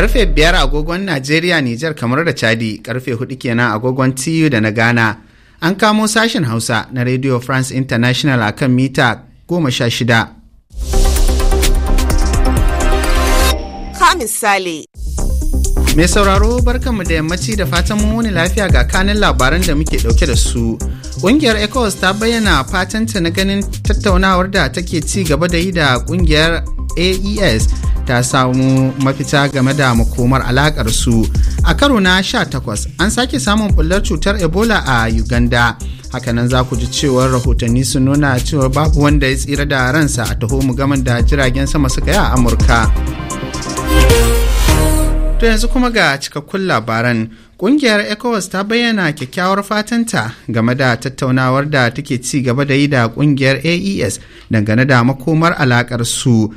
Karfe biyar agogon Najeriya Nijar kamar da Chadi, karfe hudu kenan agogon TU da na Ghana. An kamo sashen Hausa na Radio France International a kan mita goma sha shida. Ka misali. Mai sauraro barkanmu da yammaci da fatan mu wani lafiya ga kanin labaran da muke dauke da su. ƙungiyar ECOWAS ta bayyana fatanta na ganin tattaunawar da take ci gaba da yi da ƙungiyar AES ta samu mafita game da makomar alakar su. A karo na takwas, an sake samun bullar cutar Ebola a Uganda. Hakanan za ku ji cewar rahotanni sun nuna cewa babu wanda ya tsira da ransa a taho mu gaman da jiragen sama suka yi a Amurka. To yanzu kuma ga cikakkun labaran Ƙungiyar ECOWAS ta bayyana kyakkyawar fatanta game da tattaunawar da take ci gaba da yi da kungiyar AES dangane da makomar alakar su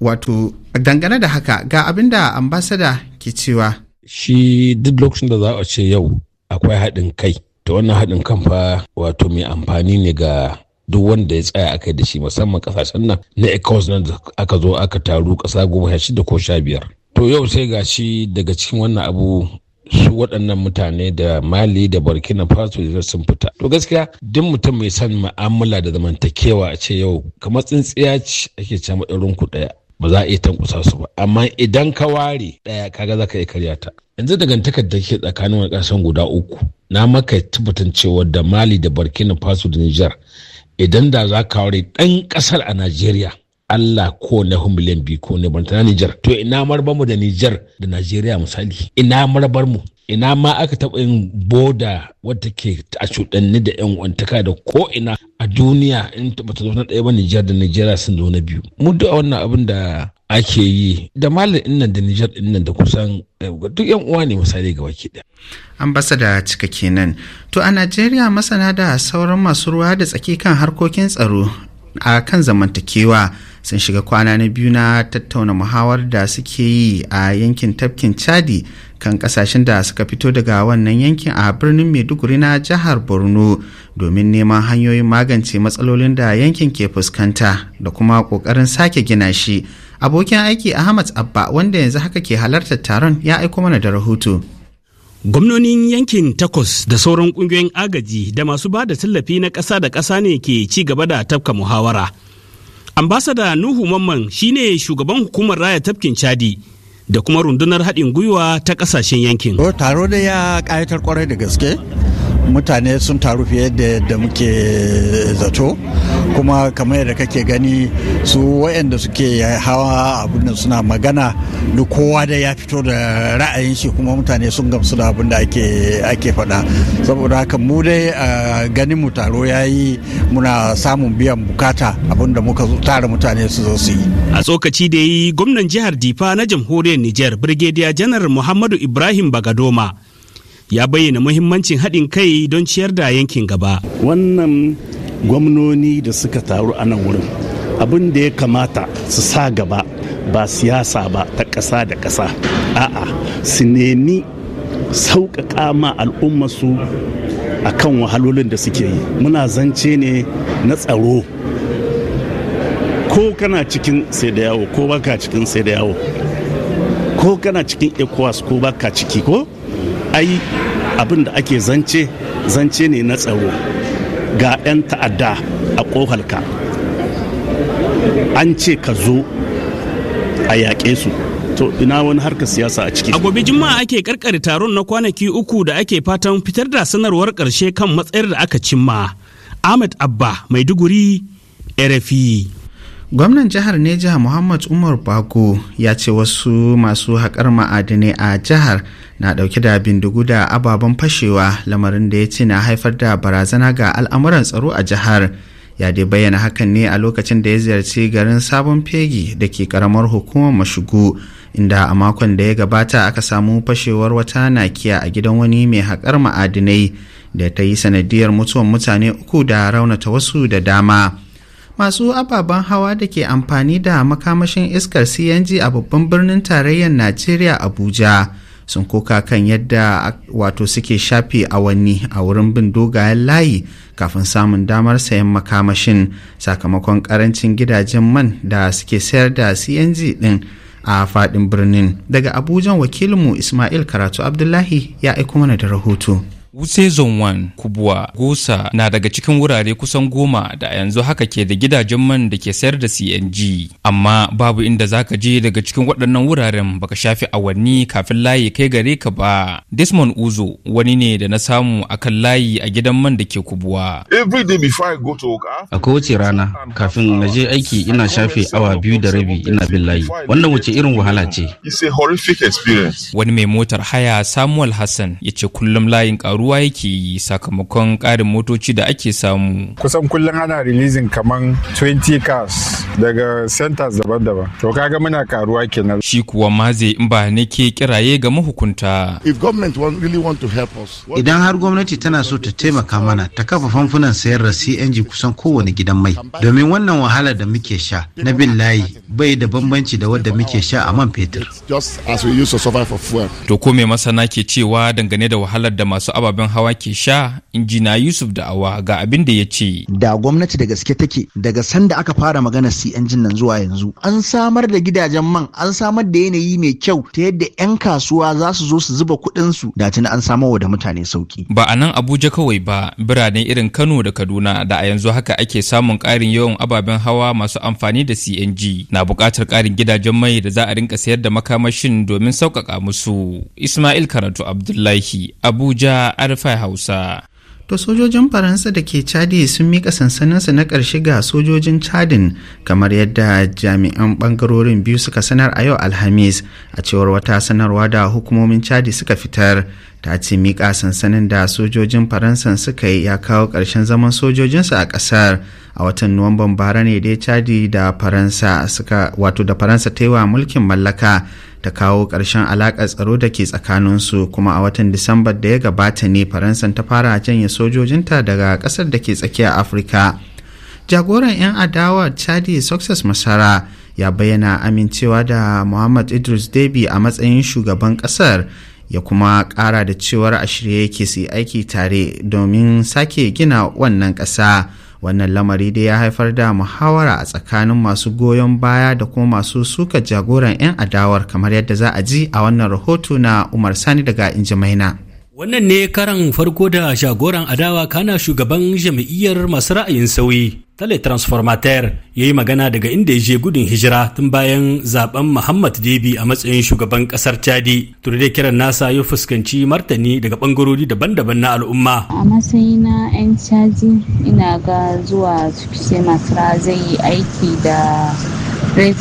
wato dangane da haka ga abin da ambasada ke cewa. Shi duk lokacin da za a ce yau akwai haɗin kai, ta wannan haɗin kan fa wato mai amfani ne ga duk wanda ya tsaya aka yi da shi musamman kasashen nan na ECOWAS nan aka zo aka taru ƙasa goma shida ko sha biyar. to yau sai ga shi daga cikin wannan abu su waɗannan mutane da mali da burkina faso da sun fita to gaskiya duk mutum mai son ma'amala da zamantakewa a ce yau kamar tsintsiya ce ake ce ɗan ku ɗaya ba za a iya tankusa su ba amma idan ka ware ɗaya kaga za ka iya karya ta yanzu dangantakar da ke tsakanin wani kasan guda uku na maka tabbatar cewa da mali da burkina faso da nijar idan da za ka ware ɗan ƙasar a najeriya Allah ko na miliyan biyu ko ne na Nijar. To ina marbar mu da Nijar da Najeriya misali. Ina marbar mu. Ina ma aka taɓa yin boda wadda ke a cuɗanni da 'yan wantaka da ko ina a duniya in ta zo ɗaya ba Nijar da Najeriya sun zo na biyu. Mu duk wannan abin da ake yi da malam nan da Nijar nan da kusan eh, duk yan uwa ne misali ga baki ɗaya. Ambasada cika kenan. To a Najeriya masana da sauran masu ruwa da tsaki kan harkokin tsaro a kan zamantakewa sun shiga kwana na biyu na tattauna muhawar da suke yi a yankin tafkin chadi kan kasashen da suka fito daga wannan yankin a birnin maiduguri na jihar borno domin neman hanyoyin magance matsalolin da yankin ke fuskanta da kuma kokarin sake gina shi abokin aiki ahmad abba wanda yanzu haka ke halartar taron ya aiko mana da rahoto Gwamnonin yankin takwas da sauran kungiyoyin agaji da masu ba da tallafi na ƙasa da ƙasa ne ke ci gaba da tafka muhawara ambasada nuhu mamman shine shugaban hukumar raya tafkin chadi da kuma rundunar haɗin gwiwa ta ƙasashen yankin. taro da ya ƙayatar kwarai da gaske mutane sun taru fiye da muke zato kuma kamar yadda kake gani su waɗanda suke hawa abin da suna magana duk kowa da ya fito da ra'ayin shi kuma mutane sun gamsu da abin da ake faɗa saboda haka mu dai a ganin mu taro ya yi muna samun biyan bukata abin da muka tara mutane su zo su yi a tsokaci da yi gwamnan jihar difa na jamhuriyar niger brigadier janar muhammadu ibrahim bagadoma ya bayyana muhimmancin haɗin kai don ciyar da yankin gaba wannan gwamnoni da suka taru a nan wurin abin da ya kamata su sa gaba ba siyasa ba ta ƙasa da ƙasa a'a su nemi sauƙaƙa ma al'ummasu a kan wahalolin da suke yi muna zance ne na tsaro ko kana cikin sai da yawo ko baka cikin sai da yawo ko kana cikin ecowas ko baka ciki ko ai abin da ake zance zance ne na tsaro ga 'yan ta'adda a ƙofarka an ce ka zo a yaƙe su to ina wani harkar siyasa a ciki. A gobe Juma'a ake karkare taron na kwanaki uku da ake fatan fitar da sanarwar karshe kan matsayar da aka cimma. Ahmed Abba Maiduguri, RFI. gwamnan jihar neja muhammad umar bako ya ce wasu masu haƙar ma'adinai a jihar na ɗauke da bindigu da ababen fashewa lamarin da ya ce na haifar da barazana ga al'amuran tsaro a jihar ya dai bayyana hakan ne a lokacin da ya ziyarci garin sabon fegi da ke karamar hukumar mashigu, inda a makon da ya gabata aka samu fashewar wata nakiya a gidan wani mai haƙar ma'adinai da ta yi sanadiyar mutuwan mutane uku da raunata wasu da dama masu ababen hawa da ke amfani da makamashin iskar cng a babban birnin tarayyar najeriya abuja sun koka kan yadda wato suke shafe awanni a wurin bin dogayen layi kafin samun damar sayan makamashin sakamakon karancin gidajen man da suke sayar da cng din a faɗin birnin daga Abuja wakilinmu ismail karatu abdullahi ya aiko mana da rahoto Wuse Zone 1, Kubwa, Gosa na daga cikin wurare kusan goma da yanzu haka ke da gidajen man da ke sayar da CNG. Amma babu inda zaka je daga cikin waɗannan wuraren baka shafi awanni kafin layi kai gare ka ba. Desmond Uzo wani ne da na samu akan layi a gidan man da ke Kubwa. A kowace rana kafin na je aiki ina shafe awa biyu da rabi ina bin layi. Wannan wace irin wahala ce? Wani mai motar haya Samuel Hassan ya ce kullum layin ƙaru. ruwa yake yi sakamakon ƙarin motoci da ake samu. Kusan kullum ana releasing kaman 20 cars daga centers daban-daban. To kaga muna karuwa kenan. Shi kuwa maze in ba ne ke kiraye ga mahukunta. If government Idan har gwamnati tana so ta taimaka mana ta kafa famfunan sayar da CNG kusan kowane gidan mai. Domin wannan wahala da muke sha na bin layi bai da bambanci da wadda muke sha a man fetur. To ko me masana ke cewa dangane da wahalar da masu ababen ababen hawa ke sha injina yusuf da Awa ga abin da ya ce da gwamnati da gaske take daga sanda aka fara magana cng nan zuwa yanzu an samar da gidajen man an samar da yanayi mai kyau ta yadda 'yan kasuwa za su zo su zuba kuɗin su da tuni an wa da mutane sauki ba a nan abuja kawai ba birane irin kano da kaduna da a yanzu haka ake samun ƙarin yawan ababen hawa masu amfani da cng na buƙatar ƙarin gidajen mai da za a rinka sayar da makamashin domin sauƙaƙa musu ismail karatu abdullahi abuja arfa hausa to sojojin faransa da ke chadi sun mika sansaninsu na ƙarshe ga sojojin chadin kamar yadda jami'an bangarorin biyu suka sanar a yau alhamis a cewar wata sanarwa da hukumomin chadi suka fitar ta ce mika sansanin da sojojin faransa suka yi ya kawo ƙarshen zaman sojojinsu a ƙasar a watan nuwamban bara ne dai chadi da faransa suka wato da faransa ta yi wa mulkin mallaka ta kawo ƙarshen alaƙar tsaro da ke tsakaninsu kuma a watan disambar da ya gabata ne faransa ta fara janye sojojinta daga ƙasar da ke tsakiya afirka jagoran 'yan adawa chadi success masara ya bayyana amincewa da muhammad idris debi a matsayin shugaban ƙasar ya kuma ƙara da cewar a shirye yake su aiki tare domin sake gina wannan ƙasa. wannan lamari dai ya haifar da muhawara a tsakanin masu goyon baya da kuma masu suka jagoran 'yan adawar kamar yadda za a ji a wannan rahoto na umar sani daga injimaina. Wannan ne karan farko da shagoran adawa kana shugaban jami'iyyar masu ra'ayin sauyi Transformateur ya yi magana daga inda ya je gudun hijira tun bayan zaben Muhammad Debi a matsayin shugaban kasar Chadi. Tun da kiran nasa ya fuskanci martani daga bangarori daban-daban na al'umma. A matsayin na 'yan Chadi ina ga zuwa su masu yi aiki da Si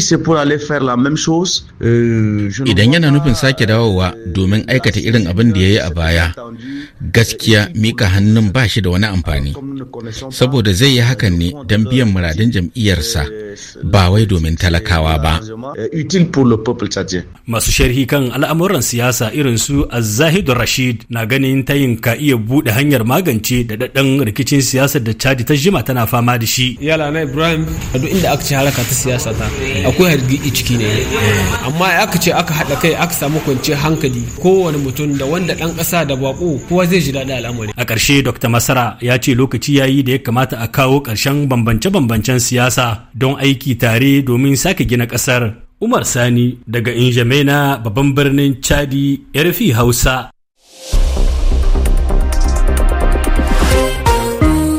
c'est pour aller faire la même chose, sosai euh, Idan yana nufin sake dawowa domin aikata irin abin da ya yi a baya, gaskiya mika hannun ba shi da wani amfani, saboda zai yi hakan ne don biyan muradin jam'iyyarsa ba wai domin talakawa ba. Euh, Masu sharhi kan al'amuran siyasa irin su Azahidu Rashid na ganin tayin ka iya buɗe hanyar magance da rikicin siyasar da chadi ta jima tana fama da shi yala na ibrahim a duk inda aka ce haraka ta siyasa ta akwai hargitsi ciki ne amma aka ce aka haɗa kai aka samu kwanciyar hankali kowane mutum da wanda ɗan ƙasa da baƙo kowa zai ji daɗi al'amari a ƙarshe dr masara ya ce lokaci ya yi da ya kamata a kawo ƙarshen bambance-bambancen siyasa don aiki tare domin sake gina ƙasar Umar Sani daga Injamena babban birnin Chadi, RFI Hausa.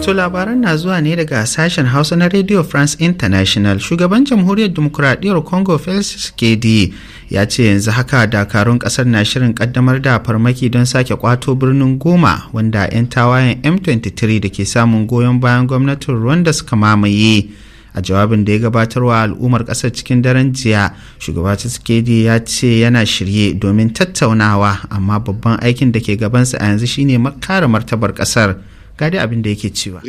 To labaran na zuwa ne daga sashen Hausa na Radio France International. Shugaban Jamhuriyar Dimokuraɗiyyar Congo Felix Tshisekedi ya ce yanzu haka dakarun ƙasar na shirin ƙaddamar da farmaki don sake kwato birnin Goma wanda 'yan tawayen M23 da ke samun goyon bayan gwamnatin Rwanda suka mamaye. a jawabin da ya gabatarwa al'ummar kasar cikin daren jiya shugaba Tsikedi ya ce yana shirye domin tattaunawa amma babban aikin da ke gabansa a yanzu shine makara martabar kasar ga dai abin da yake cewa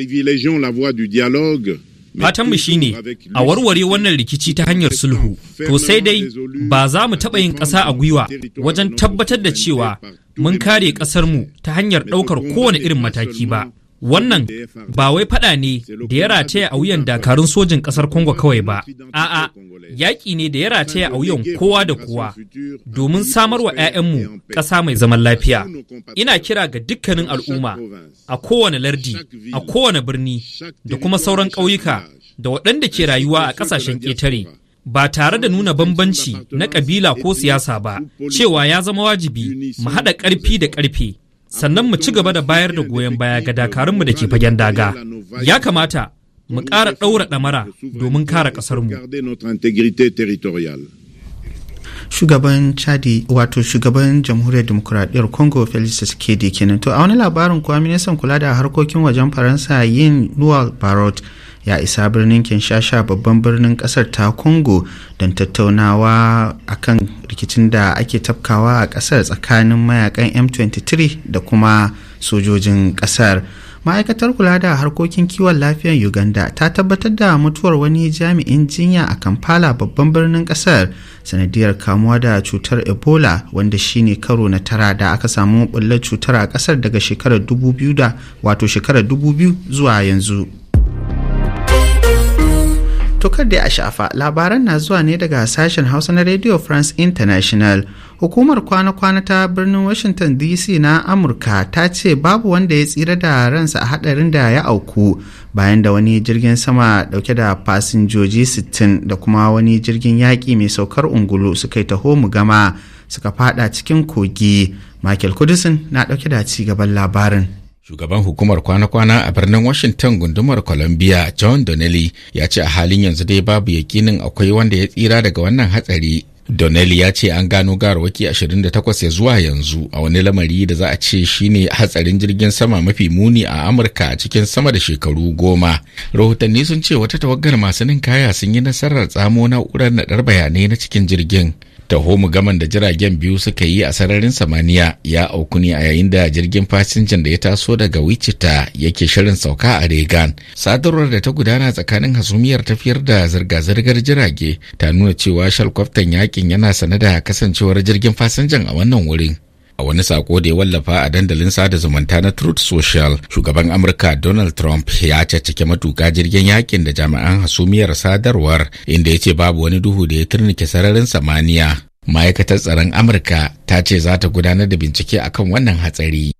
Fatanmu shi ne a warware wannan rikici ta hanyar sulhu, to sai dai ba za mu taɓa yin ƙasa a gwiwa wajen tabbatar da cewa mun kare ƙasarmu ta hanyar ɗaukar kowane irin mataki ba. Wannan ba wai faɗa ne da ya rataya a wuyan dakarun sojin ƙasar Kongo kawai ba, a'a yaƙi ne da ya rataya a wuyan kowa da kowa domin samar wa 'ya'yanmu ƙasa mai zaman lafiya. Ina kira ga dukkanin al'umma a kowane lardi, a kowane birni da kuma sauran ƙauyuka da waɗanda ke rayuwa a ƙasashen ƙetare. ba tare da nuna bambanci na ƙabila ko siyasa ba, cewa ya zama wajibi mu haɗa ƙarfi da ƙarfe sannan mu ci gaba da bayar da goyon baya ga dakarunmu da ke fagen daga ya kamata mu ƙara ɗaura ɗamara domin kare ƙasarmu shugaban chadi wato shugaban jamhuriyar demokuraɗiyar congo felix tshisekedi kenan to a wani labarin kuwa ministan kula da harkokin wajen faransa yin luwal barot ya isa birnin kinshasa babban birnin kasar ta congo don tattaunawa akan rikicin da ake tafkawa a kasar tsakanin mayakan m23 da kuma sojojin kasar ma'aikatar kula da harkokin kiwon lafiyar uganda ta tabbatar da mutuwar wani jami'in jinya a kampala babban birnin kasar sanadiyar kamuwa da cutar ebola wanda shine karo na tara da aka samu bullar cutar a kasar daga shekarar 2000 zuwa yanzu Tukar da a shafa labaran na zuwa ne daga sashen Hausa na Radio France International. Hukumar kwana-kwana ta birnin Washington DC na Amurka ta ce babu wanda ya tsira da ransa a hadarin da ya auku bayan da wani jirgin sama dauke da fasinjoji 60 da kuma wani jirgin yaƙi mai saukar ungulu suka yi taho mu gama suka fada cikin kogi. Michael Kudisin na dauke da ci gaban labarin. Shugaban hukumar kwana-kwana a birnin Washington gundumar Columbia John Donnelly ya ce a halin yanzu dai babu yakinin akwai wanda ya tsira daga wannan hatsari. Donnelly ya ce an gano garwaki 28 ya zuwa yanzu a wani lamari da za a ce shine hatsarin jirgin sama mafi muni a Amurka cikin sama da shekaru goma. Rahotanni sun ce wata tawagar masu ninkaya sun yi nasarar tsamo na'urar naɗar bayanai na cikin jirgin. taho gaman da jiragen biyu suka yi a sararin samaniya ya auku ne a yayin da jirgin fasinjan da ya taso daga wichita yake shirin sauka a regan sadarwar da ta gudana tsakanin hasumiyar tafiyar da zirga-zirgar jirage ta nuna cewa shalkwaftan yakin yana sane da kasancewar jirgin fasinjan a wannan wurin A wani sako da ya wallafa a dandalin sada zumunta na Truth Social, shugaban Amurka Donald Trump ya caccake matuka jirgin yakin da jami'an hasumiyar sadarwar inda ya ce babu wani duhu da ya turnike sararin samaniya. Ma'aikatar tsaron Amurka ta ce za ta gudanar da bincike akan wannan hatsari.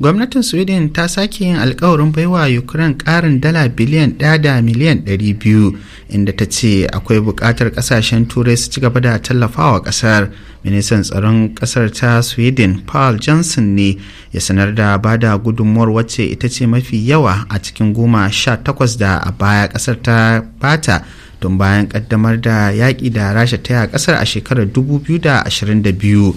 gwamnatin sweden ta sake yin alkawarin baiwa ukraine karin dala biliyan ɗaya da miliyan 200 inda ta ce akwai buƙatar ƙasashen turai su ci gaba da tallafawa ƙasar ministan tsaron kasar ta sweden paul johnson ne ya sanar da bada da gudunmuwar wacce ita ce mafi yawa a cikin goma sha takwas da a baya kasar ta bata tun bayan ƙaddamar da yaƙi da rasha ta yi a ƙasar a shekarar 2022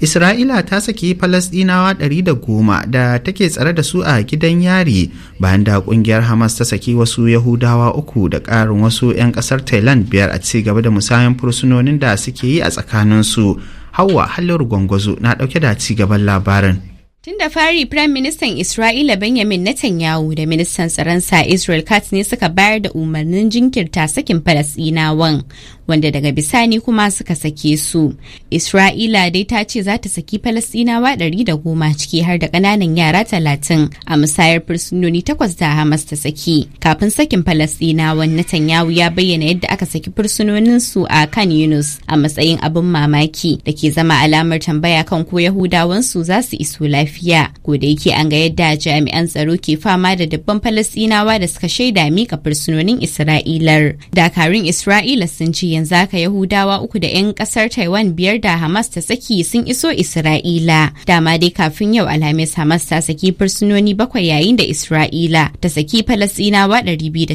isra'ila ta saki Falasɗinawa ɗari da goma da take tsare da su a gidan yari bayan da ƙungiyar hamas ta saki wasu yahudawa uku da karin wasu 'yan ƙasar thailand biyar a ci gaba da musayan fursunonin da suke yi a tsakaninsu hawa halin gwangwazo na ɗauke da ci gaban labarin Tun da fari Firayim Ministan Isra'ila Benjamin Netanyahu da Ministan Tsaronsa Israel Katz ne suka bayar da umarnin jinkirta sakin Falasɗinawan, wanda daga bisani kuma suka sake su. Isra'ila dai ta ce za ta saki Falasɗinawa ɗari da goma ciki har da ƙananan yara talatin a musayar fursunoni takwas da Hamas ta saki. Kafin sakin Falasɗinawan Netanyahu ya bayyana yadda aka saki fursunonin su a kan Yunus a matsayin abin mamaki da ke zama alamar tambaya kan ko Yahudawan su za su iso lafiya. lafiya ko da yake an ga yadda jami'an tsaro ke fama da dubban falasinawa da suka shaida mika fursunonin isra'ilar dakarun isra'ila sun ce yanzu haka yahudawa uku da 'yan kasar taiwan biyar da hamas ta saki sun iso isra'ila dama dai kafin yau alhamis hamas ta saki fursunoni bakwai yayin da isra'ila ta saki falasinawa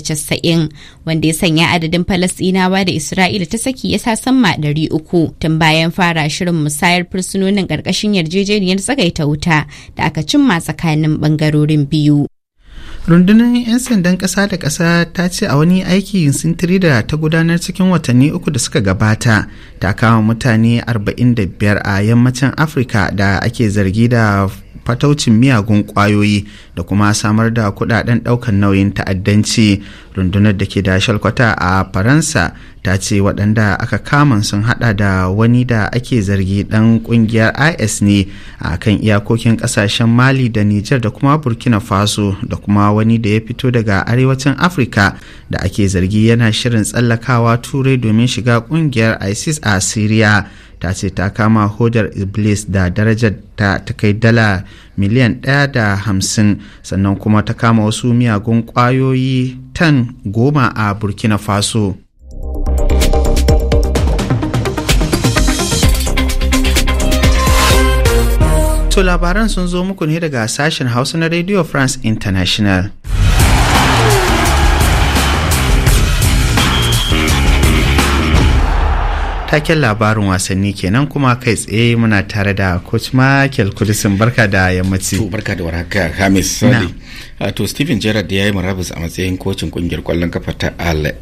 casa'in wanda ya sanya adadin falasinawa da isra'ila ta saki ya sa ɗari uku tun bayan fara shirin musayar fursunonin ƙarƙashin yarjejeniyar tsagaita wuta da aka cimma tsakanin bangarorin biyu. rundunar 'yan sandan ƙasa da ƙasa ta ce a wani aiki sintiri da ta gudanar cikin watanni uku da suka gabata ta kama mutane 45 a yammacin afirka da ake zargi da fataucin miyagun ƙwayoyi da kuma samar da kudaden ɗaukan nauyin ta'addanci rundunar da ke da shalkwata a faransa ta ce waɗanda aka kama sun hada da wani da ake zargi ɗan ƙungiyar is ne a kan iyakokin ƙasashen mali da nijar da kuma burkina faso da kuma wani da ya fito daga arewacin afirka da ake zargi yana shirin tsallakawa turai domin shiga ƙungiyar isis a syria ta ce ta kama hodar iblis da daraja ta ta kai dala miliyan ɗaya da hamsin sannan kuma ta kama wasu miyagun ƙwayoyi tan goma a burkina faso to labaran sun zo muku ne daga sashen hausa na radio france international taken labarin wasanni kenan kuma kai tsaye muna tare da coach michael kulisin barka da yammaci to barka da warhaka hamis sadi ah, to stephen gerrard ya yi murabus a matsayin kocin kungiyar kwallon kafa ta al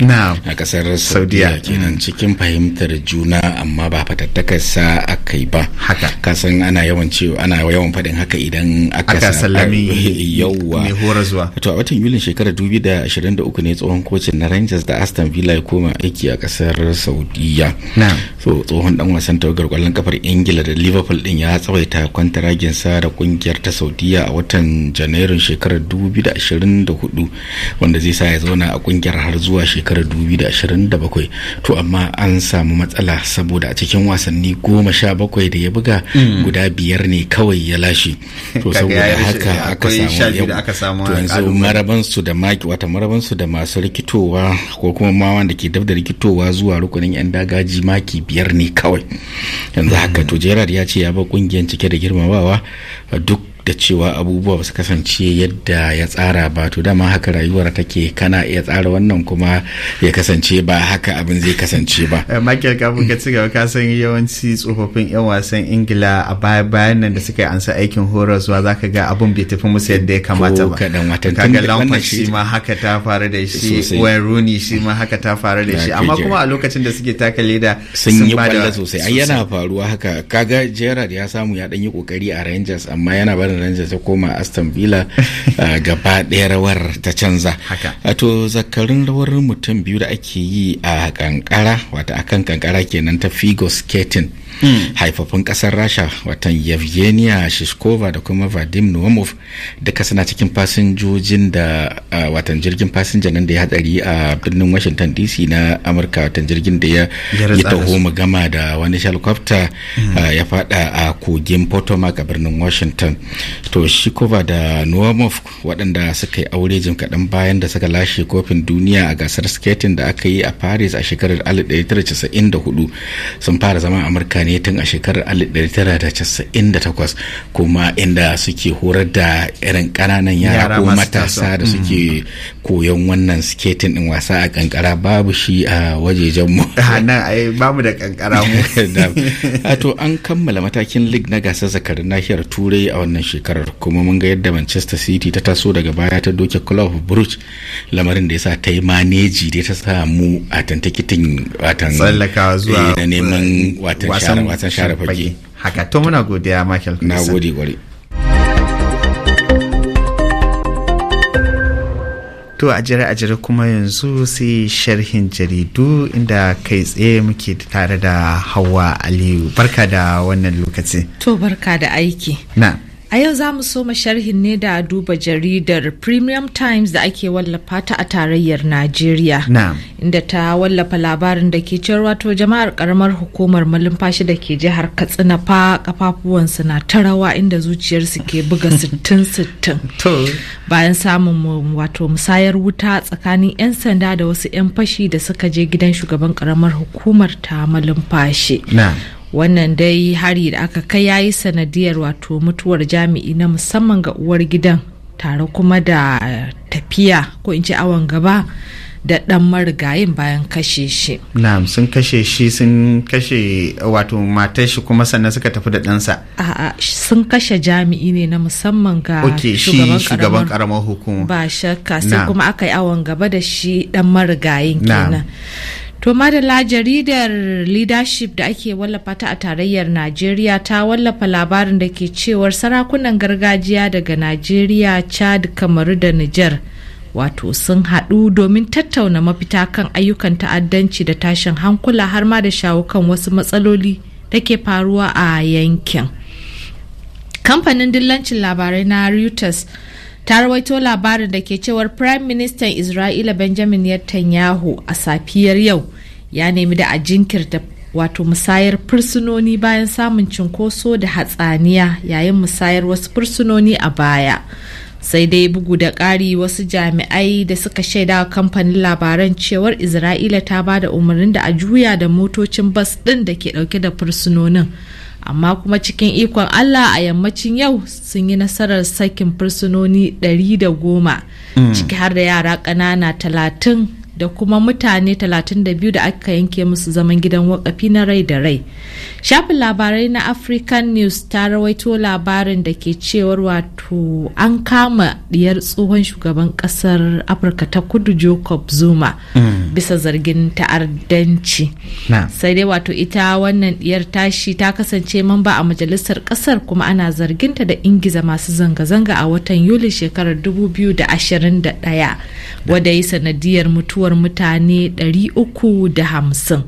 na a kasar saudiya kenan mm. cikin fahimtar juna amma ba fatattakar sa akai ba haka kasan ana yawan cewa ana yawan faɗin haka idan aka sallami yawwa mai hora zuwa to a watan yulin shekarar 2023 ne tsohon kocin na rangers da aston villa ya koma aiki a kasar Saudia. Naam. tsohon dan wasan tawagar kwallon kafar ingila da liverpool din ya tsawaita sa da kungiyar ta saudiya a watan janairun shekarar 2024 wanda zai sa ya zauna a kungiyar har zuwa shekarar 2027 to amma an samu matsala saboda a cikin wasanni goma sha bakwai da ya buga mm. guda biyar ne kawai ya lashe to saboda haka aka samu to yanzu marabansu da maki wata marabansu da masu rikitowa ko kuma ma wanda ke dab da rikitowa zuwa rukunin yan dagaji maki biyar biyar ne kawai yanzu haka to gerard ya ce ya ba kungiyar cike da girmamawa duk da cewa abubuwa ba su kasance yadda ya tsara ba to dama haka rayuwar take kana iya tsara wannan kuma ya kasance ba haka abin zai kasance ba eh, michael kafin ka ci gaba ka yawanci tsofaffin yan wasan ingila a baya bayan nan da suka yi ansa aikin za zaka ga abun bai tafi musu yadda ya kamata ba ka ga kaga shi ma haka ta faru da shi wayne rooney shi ma haka ta faru da shi amma kuma a lokacin da suke taka leda sun yi kwallo sosai ai yana faruwa haka kaga gerard ya samu ya dan yi kokari a rangers amma yana barin Everton ta koma Aston Villa ah, gaba ɗaya rawar ta canza. a ah, To zakarun rawar mutum biyu da ake yi a kankara wata kan kankara kenan ta Figo Skating. Hmm. Haifafin kasar Rasha watan Yevgenia Shishkova da kuma Vadim Nuwamov duka suna cikin fasinjojin da ah, watan jirgin fasinja nan da ya hadari a birnin Washington DC na Amurka watan jirgin da ya yi taho gama da wani shalkwafta hmm. ya fada a kogin Potomac a birnin Washington. to shikova da nuwamov waɗanda suka yi aure jim kaɗan bayan da suka lashe kofin duniya a gasar skating da aka yi a paris a shekarar 1994 sun fara zama amurka ne tun a shekarar 1998 kuma inda suke horar da irin ƙananan yara ko matasa da mm. suke koyon wannan skating din wasa a kankara babu shi a wajejen mu ah, babu da kankara mu to an kammala matakin league na gasar zakarin nahiyar turai a wannan shekarar kuma mun ga yadda manchester city ta taso daga baya ta doke club bridge lamarin da ya sa ta yi maneji da ta samu a tantakitin watan tsallakawa zuwa eh, na neman watan share fage haka to muna godiya michael na gode gwari To a jira a jira kuma yanzu sai sharhin jaridu inda kai tsaye muke tare da hawa Aliyu. Barka da wannan lokaci. To barka da aiki. Na. A yau za mu soma sharhin ne da duba jaridar Premium Times da ake wallafa ta a tarayyar Najeriya. Inda ta wallafa labarin da ke cewa wato jama'ar karamar hukumar malumfashi da ke jihar Katsina fa kafafuwansu na ta rawa inda zuciyarsu ke buga sittin sittin. Bayan samun wato musayar wuta tsakanin 'yan sanda da wasu 'yan fashi da suka je gidan shugaban karamar hukumar ta malumfashi. wannan dai hari da aka kai yayi sanadiyar wato mutuwar jami'i na musamman ga uwar gidan tare kuma da tafiya ko in ce awon gaba da ɗan marigayin bayan kashe shi. Na'am sun kashe shi sun kashe wato matar shi kuma sannan suka tafi da ɗansa. A'a sun kashe jami'i ne na musamman ga shugaban karamar hukuma. Ba shakka sai kuma aka yi awon gaba da shi ɗan marigayin kenan. To madalla jaridar leadership da ake wallafa ta a tarayyar Najeriya ta wallafa labarin da ke cewar sarakunan gargajiya daga Najeriya, Chad, Kamaru da Nijar. Wato sun haɗu domin tattauna mafita kan ayyukan ta'addanci da tashin hankula har ma da shawo kan wasu matsaloli da ke faruwa a yankin. Kamfanin dillancin labarai na Reuters ta rawaito labarin da ke cewar prime minister isra'ila benjamin netanyahu a safiyar yau ya nemi da a jinkirta wato musayar fursunoni bayan samun cinkoso da hatsaniya yayin musayar wasu fursunoni a baya sai dai bugu da ƙari wasu jami'ai da suka shaida wa kamfanin labaran cewar isra'ila ta ba da umarnin da a juya da motocin bas ɗin da ke ɗauke da fursunonin amma kuma cikin ikon allah a yammacin yau sun yi nasarar sakin fursunoni 110 mm. ciki har da yara ƙanana talatin da kuma mutane 32 da aka yanke musu zaman gidan wakafi na rai da rai shafin labarai na african news ta rawaito labarin da ke cewar wato an kama diyar tsohon shugaban kasar afirka ta kudu jacob zuma mm. bisa zargin ta'ardanci sai dai wato ita wannan diyar tashi ta kasance mamba a majalisar kasar kuma ana zarginta da ingiza masu zanga-zanga a watan yuli shekarar 2021 wadda yi sanadiyar mutuwa mutuwar mutane 350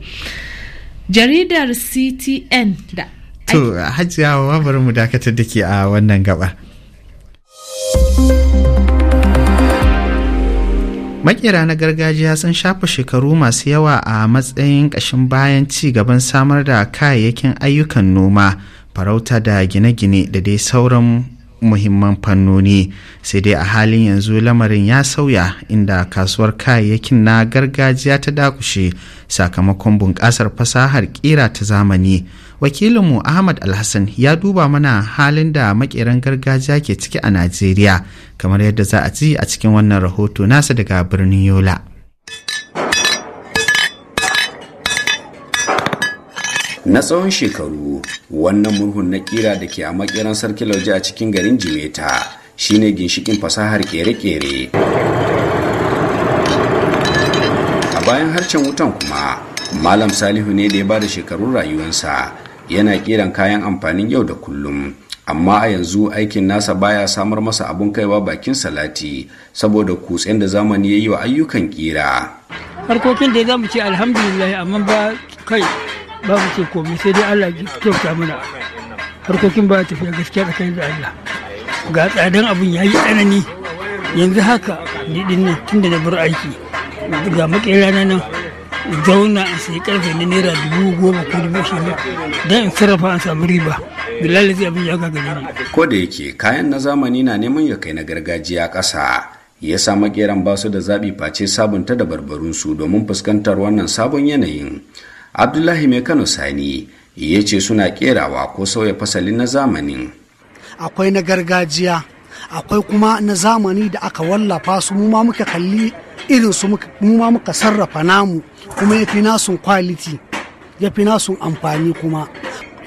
jaridar ctn da to hajiya bari mu dakatar da ke a wannan gaba makera na gargajiya sun shafa shekaru masu yawa a matsayin ƙashin bayan ci gaban samar da kayayyakin ayyukan noma farauta da gine-gine da dai sauran muhimman fannoni sai dai a halin yanzu lamarin ya sauya inda kasuwar kayayyakin na gargajiya ta dakushe sakamakon bunƙasar fasahar ƙira ta zamani wakilinmu ahmad alhassan ya duba mana halin da makeran gargajiya ke ciki a najeriya kamar yadda za a ji a cikin wannan rahoto nasa daga birnin yola na tsawon shekaru wannan murhun na kira da ke a makiran sarki lauje a cikin garin jimeta shine ginshikin fasahar kere-kere a bayan harcen wutan kuma malam salihu ne da ya bada shekarun rayuwansa yana kiran kayan amfanin yau da kullum amma a yanzu aikin nasa baya samar masa abun kaiwa bakin salati saboda kutsen da zamani ya yi wa ayyukan kira harkokin da za mu ce alhamdulillah amma ba kai babu mu ce komai sai dai Allah kyauta mana harkokin ba tafiya gaskiya tsakanin da Allah ga tsadan abun yayi tsanani yanzu haka ni din nan tun da na bar aiki ga makera na nan zauna a sai karfe na naira dubu goma ko dubu shida don in sarrafa an samu riba bilal zai abin ya gagare ni. ko da yake kayan na zamani na neman ya kai na gargajiya ƙasa ya sa makeran ba su da zaɓi face sabunta da barbarunsu domin fuskantar wannan sabon yanayin abdullahi mai kano sani ya ce suna kerawa ko sauya fasalin na zamanin akwai na gargajiya akwai kuma na zamani da aka wallafa su mu ma muka kalli irin su mu ma muka sarrafa namu kuma ya fi nasun kwaliti ya fi nasun amfani kuma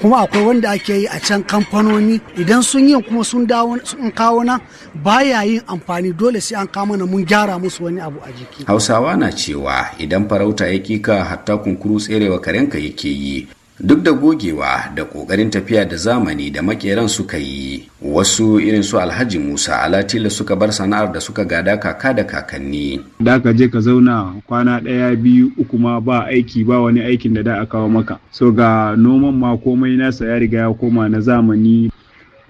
kuma akwai wanda ake yi a can kamfanoni idan sun yi kuma sun dawo sun kawo na baya yin amfani dole sai an kama na mun gyara musu wani abu a jiki hausawa na cewa idan farauta ya kika hatta kunkuru tserewa karenka yake yi duk da gogewa da ƙoƙarin tafiya da zamani da makeran suka yi wasu irin su alhaji musa alatila suka bar sana'ar da suka gada kaka da kakanni da ka je ka zauna kwana ɗaya biyu uku ma ba aiki ba wani aikin da da a kawo maka so ga noman ma komai nasa ya riga ya koma na zamani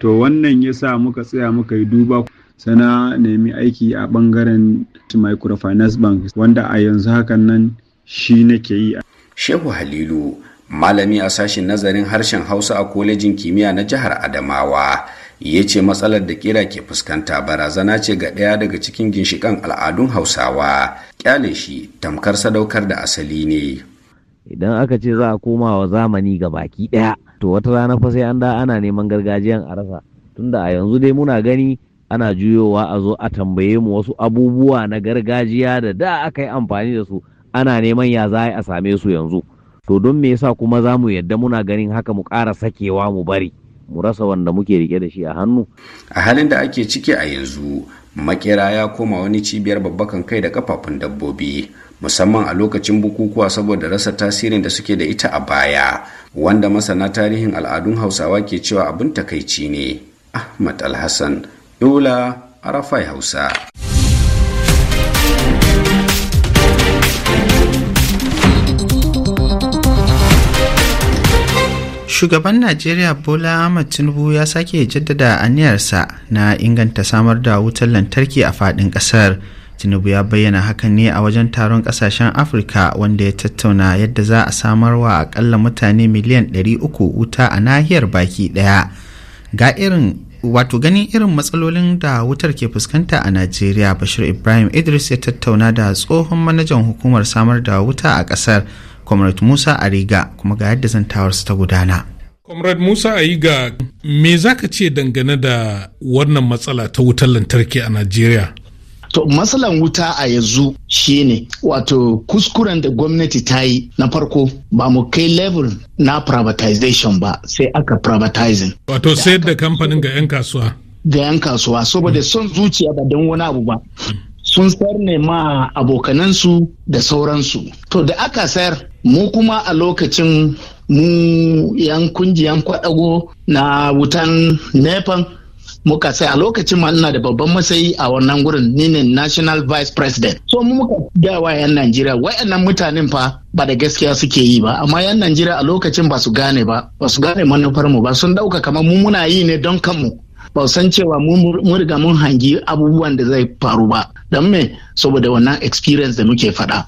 to wannan ya sa muka tsaya muka yi duba sana nemi aiki a ɓangaren microfinance bank wanda a yanzu hakan nan shi nake yi shehu halilu malami a sashen nazarin harshen hausa a kolejin kimiyya na jihar adamawa ya ce matsalar da kira ke fuskanta barazana ce ga ɗaya daga cikin ginshikan al'adun hausawa ƙyale shi tamkar sadaukar da asali ne idan aka ce za a koma wa zamani ga baki ɗaya to wata rana fa sai an da ana neman gargajiyan a rasa tunda a yanzu dai muna gani ana juyowa a zo a tambaye mu wasu abubuwa na gargajiya da da aka yi amfani da su ana neman ya za a same su yanzu to don me yasa kuma za mu yadda muna ganin haka mu ƙara sakewa mu bari mu rasa wanda muke rike da shi a hannu a halin da ake ciki a yanzu makera ya koma wani cibiyar babbakan kai da kafafun dabbobi musamman a lokacin bukukuwa saboda rasa tasirin da suke da ita a baya wanda masana tarihin al'adun hausawa ke cewa abin takaici ne ahmad alhassan dola arafai hausa shugaban najeriya bola ahmad tinubu ya sake jaddada aniyarsa na inganta samar da wutar lantarki a faɗin ƙasar tinubu ya bayyana hakan ne a wajen taron ƙasashen afirka wanda ya tattauna yadda za a samar wa akalla mutane miliyan 300 wuta a nahiyar baki ɗaya ga irin wato ganin irin matsalolin da wutar ke fuskanta a najeriya bashir ibrahim idris ya tattauna da tsohon manajan hukumar samar da wuta a ƙasar comrade musa ariga kuma ga yadda su ta gudana comrade musa ariga me za ka ce dangane da wannan matsala ta wutar lantarki a najeriya To matsalan wuta a yanzu shi ne, wato kuskuren da gwamnati ta yi na farko ba mu kai level na privatization ba sai aka privatizing. Wato sayar da kamfanin ga 'yan kasuwa. Ga 'yan kasuwa saboda son zuciya ba don wani abu ba. sun sayar ne ma abokanansu da sauransu to da aka sayar mu kuma a lokacin mu yan kungiyan kwadago na wutan nepan muka sai a lokacin ma ina da babban matsayi a wannan gurin ni ne national vice president so mu muka ga wa yan Najeriya wayannan mutanen fa ba da gaskiya suke yi ba amma yan Najeriya a lokacin ba su gane ba ba su gane manufar mu ba sun dauka kamar mu muna yi ne don kanmu ba san cewa mun riga mun hangi abubuwan da zai faru ba don me saboda wannan experience da muke faɗa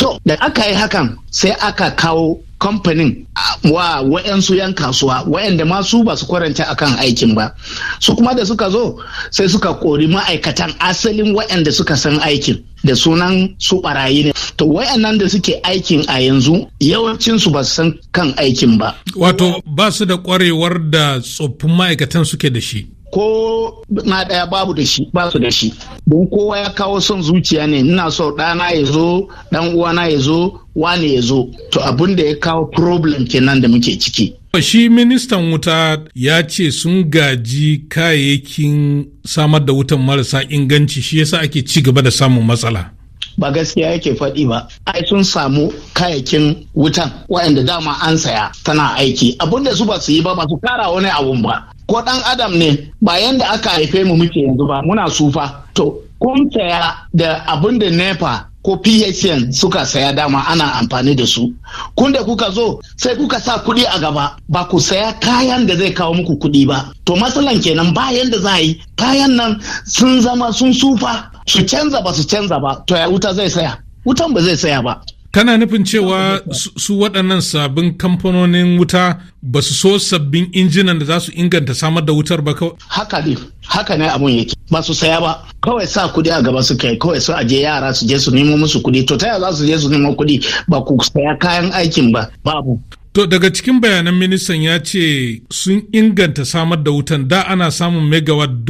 to da aka yi hakan sai aka kawo kamfanin wa wa'yansu 'yan kasuwa wa'yanda ma su ba su kwaranta akan aikin ba su kuma da suka zo sai suka kori ma'aikatan asalin wa'yanda suka san aikin da sunan su barayi ne to wa'yannan da suke aikin a yanzu yawancinsu ba su san kan aikin ba wato ba su da kwarewar da tsoffin ma'aikatan suke da shi ko na ɗaya babu da shi ba su da shi don kowa ya kawo son zuciya ne ina so ɗana ya zo ɗan uwana ya zo wani ya zo to abin da ya kawo problem kenan da muke ciki shi ministan wuta ya ce sun gaji kayayyakin samar da wutan marasa inganci shi yasa ake ci gaba da samun matsala ba gaskiya yake faɗi ba ai sun samu kayayyakin wutan waɗanda dama an saya tana aiki abinda su ba su yi ba ba su kara wani abun ba ko ɗan adam ne ba yanda aka haife mu muke yanzu ba muna sufa to kun saya da abin da nepa ko phn suka saya dama ana amfani da su kun da kuka zo sai kuka sa kuɗi a gaba ba ku saya kayan da zai kawo muku kuɗi ba to matsalan kenan ba yanda za a yi kayan nan sun zama sun sufa su canza ba su canza ba to ya wuta zai saya wutan ba zai saya ba kana nufin cewa su waɗannan sabbin kamfanonin wuta ba su so sabbin injinan da za su inganta samar da wutar ba kawai haka ne haka ne abun yake ba su saya ba kawai sa kudi a gaba su kai kawai su aje yara su je su nemo musu kudi to ta za su je su nemo kudi ba ku saya kayan aikin ba babu To daga cikin bayanan ministan ya ce sun inganta samar da wutan da ana samun megawatt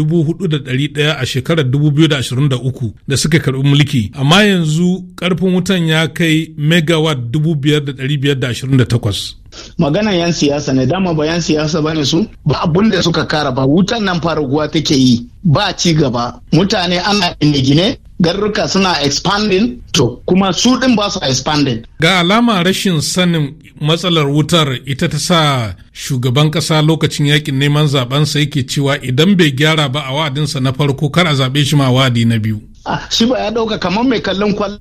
daya a shekarar 2023 da suka karbi mulki amma yanzu karfin wutan ya kai megawatt 5,528. maganan yan siyasa ne dama ba yan siyasa ba ne su ba abun da suka kara ba wutan nan faruwa take yi ba ci gaba mutane ana inigine garruka suna expanding to kuma su din ba su expanding ga alama rashin sanin matsalar wutar ita ta sa shugaban kasa lokacin yakin neman zabensa yake cewa idan bai gyara ba a wadinsa na farko kar a zaɓe shi ma wa'adi na biyu ah, shi ba ya dauka kamar mai kallon kwallo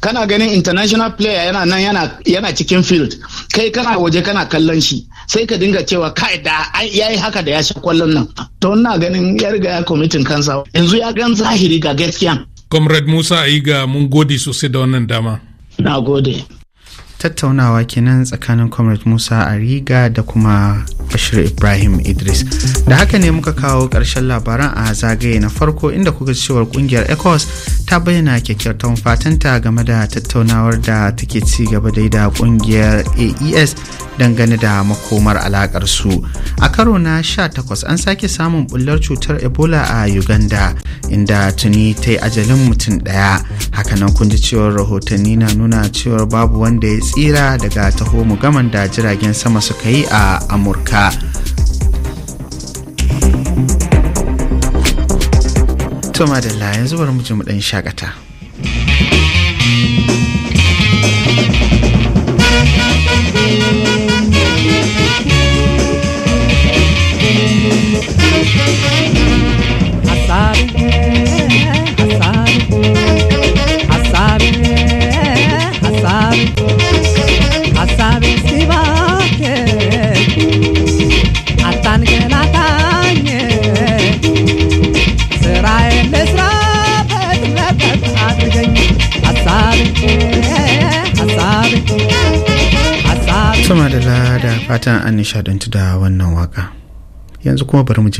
kana ganin international player yana nan yana cikin field kai kana waje kana kallon shi sai ka dinga cewa kai da ya yi haka da ya sha kwallon nan to na ganin ya riga ya committing kansa yanzu ya gan zahiri ga gaskiya comrade musa aiga mun gode sosai da wannan dama na gode tattaunawa kenan tsakanin comrade musa a riga da kuma bashir ibrahim idris da haka ne muka kawo ƙarshen labaran a zagaye na farko inda kuka cewar kungiyar ecos ta bayyana kyakkyawar fatanta game da tattaunawar da take ci gaba da da kungiyar aes dangane da makomar alakar su a karo na 18 an sake samun bullar cutar ebola a uganda inda tuni ta yi ajalin mutum daya hakanan kun ji cewar rahotanni na nuna cewar babu wanda ya tsira daga taho mu gaman da jiragen sama suka yi a amurka to da yanzu bari mu ji mu dan shakata you. fatan an nishadantu da wannan waka yanzu kuma bari mu je